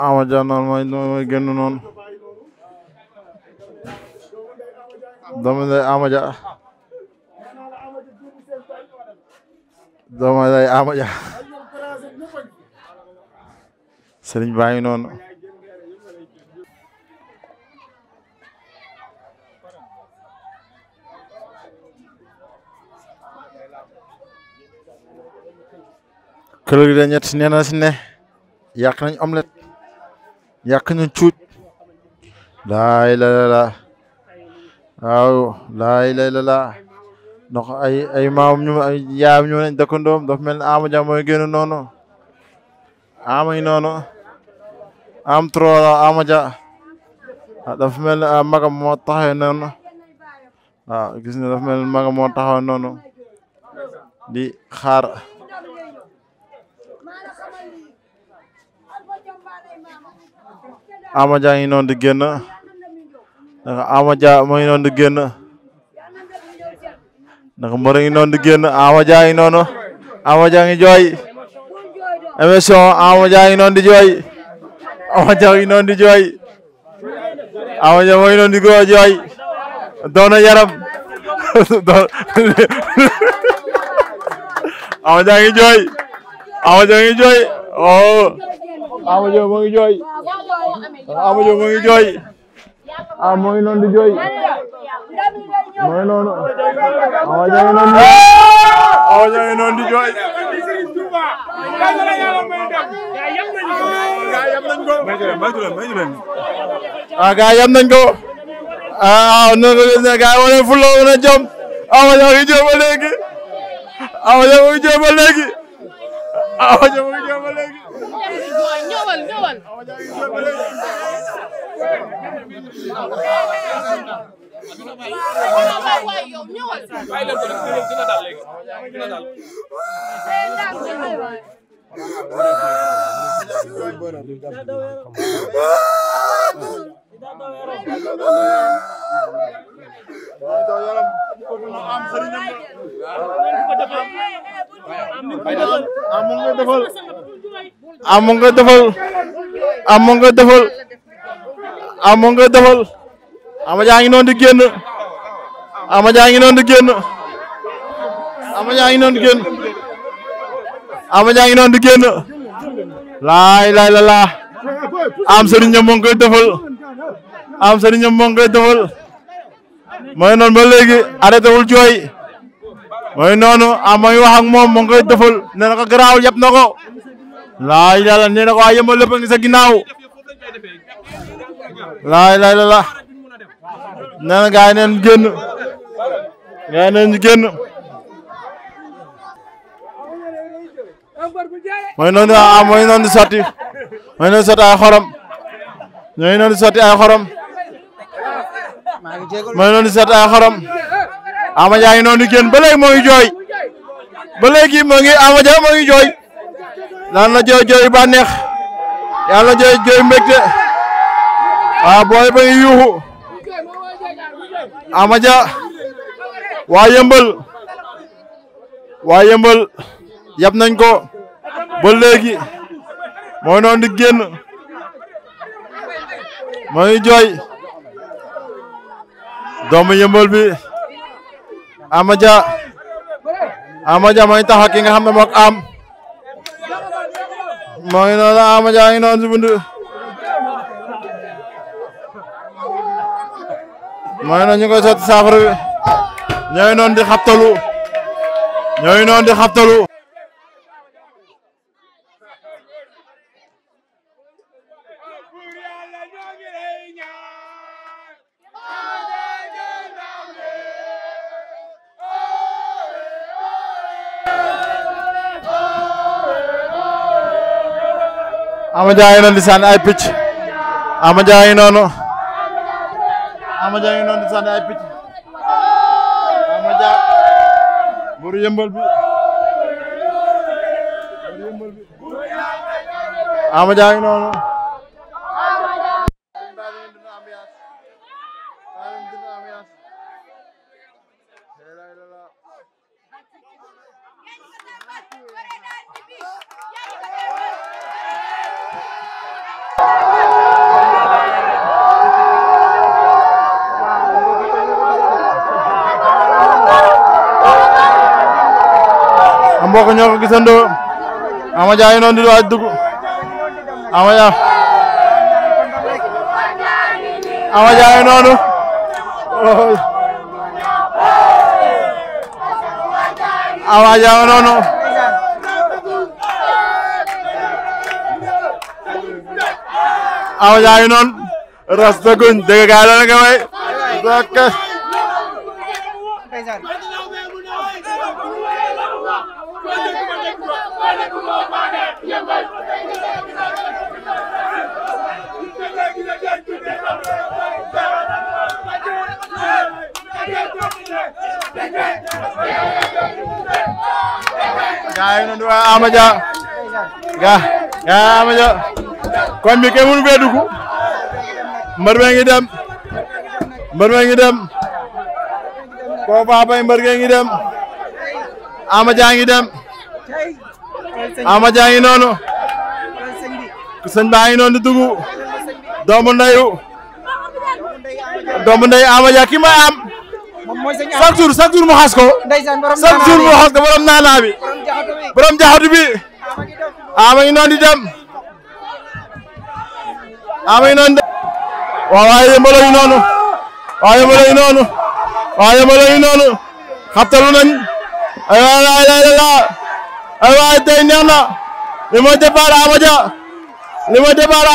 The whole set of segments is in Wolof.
Ama Dia normal mooy génn noonu doomu ndey Ama Dia doomu ndey Ama sëriñ baa ngi noonu këlëri da ñett nee na si ne yàq nañ yàq ñu cuuj laay la la la waaw laay la la ay ay maam ay yaayam ñu nañ dëkkandoom mel ne Ama Dia mooy génn noonu ama ngi noonu am trop la Ama ah, mel ne ah, magam moo taxawee noonu waaw ah, gis nga dafa mel ne moo taxawee noonu di xaar Ama Dia ngi noonu di génn naka Ama Dia ma ngi noonu di génn naka Mbër ngi noonu di génn Ama Dia ngi noonu Ama Dia ngi jooy émission Ama Dia ngi noonu di jooy Ama Dia ngi noonu di jooy Ama Dia ma ngi noonu di goo jooy doona yaram Ama Dia ngi jooy Ama Dia ngi jooy oh Ama Dia ma ngi jooy Ama Jo mu ngi jooy ah mu ngi noonu di jooy mu ngi noonu Ama Jo ngi noonu Ama Jo ngi noonu di jooy ah gaa yam nañ ko ah non non gaa wane fulla wane jom Ama Jo ngi jooy ba léegi Ama Jo ngi jooy ba léegi Ama Jo ngi jooy ba léegi man waaw waaw yow ñëwal dina daal léegi dina daal amu nga defal amu nga defal am nga defal am nga defal ama jaa ngi noon di génn ama jaa ngi noonu di génn ama jaa ngi noonu di génn ama ngi noonu di génn laay laay la laa am sëriñ ñam moo ngi koy defal am sëriñ ñam moo ngi koy defal ba léegi arrêté wul jooy mooy noonu am ma ngi moom moo ngi koy defal nee na ko garaawul laay la la nee waa yëmbal lépp ginnaaw la la la nee na gaa yi neen génn gaa yi neen génn mooy noonu sotti ay xorom mooy noonu sotti ay xorom mooy noonu sotti ay xorom Ama noonu génn ba léegi moo ngi jooy ba léegi moo ngi Ama Dia moo ngi jooy daan na jooy jooy bànneex yàlla jooy jooy mbégte waaw ah, booy ba ngi yuuxu Amadia waa yëmbal waa yëmbal yab nañ ko ba léegi mooy noonu di génn mooy jooy doomu yëmbal bi Amadia Amadia mooy taxa ki nga xam ne mook am moo ngi noonu Ama Dia ngi noonu si buntu moo ngi ñu koy sotti saafara bi ñooy noonu di xabtalu ñooy noonu di xabtalu Ama Dia ngi noonu di ay picc mbokk ñoo ko gisandoo Ama Dia yi di waaj dugg Ama Dia Ama Ama Dia yi noonu Ama Dia yi noonu rasta guñ gaa yi noonu waa Amadia gaa gaa Amadia kon bi mbër bee ngi dem mbër bee ngi dem koo baabay mbër bee ngi dem Amadia ngi dem Amadia ngi noonu sëñ baa noonu di dugg doomu ndeyu doomu ndeyu Amadia ki ma am. chaque jour chaque jour mu xas ko. chaque jour mu xas ko borom naanaa bi. borom jaxatu bi. ah ma di dem. ah ma ngi noonu di dem. noonu. waaw yëmbalo noonu. waaw yëmbalo nañ. ay waay la la na. li mooy départ Ama Dia. li mooy départ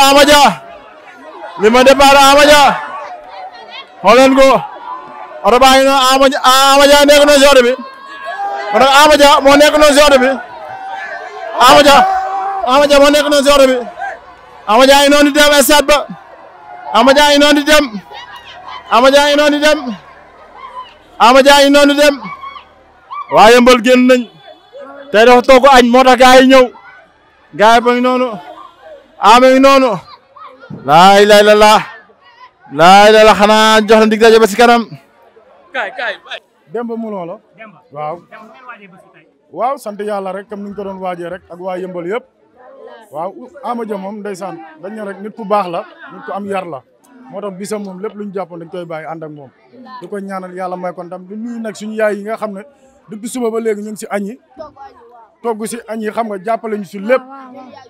Ama Dia. li mooy li ma départ Ama ko oto baa ngi noonu si oto bi kon moo nekk na si oto bi Ama Dia nekk na si oto ngi noonu di dem stade ba ngi noonu di dem Ama Dia ngi noonu di dem Ama Dia ngi noonu di dem añ moo tax gars yi ñëw ba ngi Ama ngi laa ilaaha illallaah laa ilaaha xanaa jox na dig daje ba si kanam. kaay kaay. Demba la. waaw. waaw sant yàlla rek comme nu ñu ko doon waajee rek ak waa yëmbal yëpp. waaw Ama Dia moom ndeysaan dañ ne rek nit ku baax la nit ku am yar la moo tax bisam moom lépp lu ñu jàppoon dañ koy bàyyi ànd ak moom. di ko ñaanal yàlla may ko ndam di nuyu nag suñu yaay yi nga xam ne depuis suba ba léegi ñu ngi si añi togg si añ yi xam nga jàppale ñu si lépp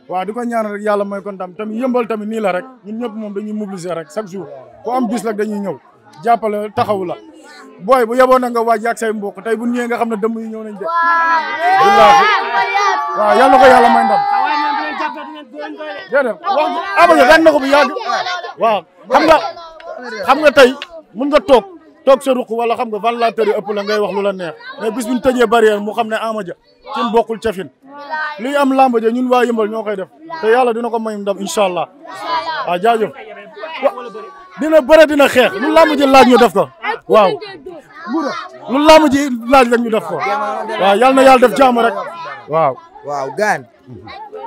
waaw di ko ñaan rek yàlla may ko ndam tamit yëmbal tamit nii la rek ñun ñëpp moom dañuy mobiliser rek chaque jour ku am bis rek dañuy ñëw jàppale taxaw la booy bu yeboon na nga waaj ak say mbokk tey bu ñëwee nga xam ne dëmm yi ñëw nañ de wallaahi waaw yal na ko yàlla may ndam déedéet wax abajo daan na ko bu yàgg waaw xam nga xam tey mun nga toog toog sa ruq wala xam nga ventilateur yi ëpp la ngay wax lu la neex mais bis bu ñu tëjee barrière mu xam ne Ama Dia cin bokkul cafin li am làmb ja ñun waa yëmbal ñoo koy def te yàlla dina ko may ndam incha allah waaw jaajëf dina bëre dina xeex lu làmb ji laaj ñu def ko waaw lu làmb laaj rek ñu def ko waaw yàlla na yàlla def jàmm rek waaw waaw gaan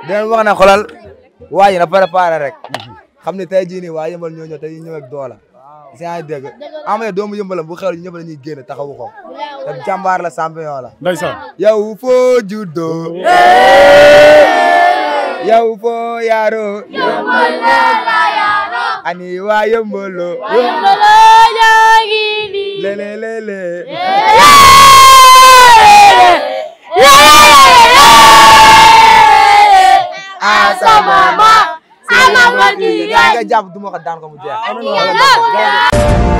dinañ wax na xolal waaye na préparé rek mhm. xam ne tey jii nii waa yëmbal ñoo ñëw tey ñëw ak yaa ngi dégg Ama Baldé doomu yëmbalam bu xewle ñëpp dañuy génn taxawu ko te jàmbaar la champion la ndeysaan yow foo juddoo yow foo yaaroo ani waa yëmbalo yëmbalo yaa ngi nii jàpp duma ko daan ko mu jeex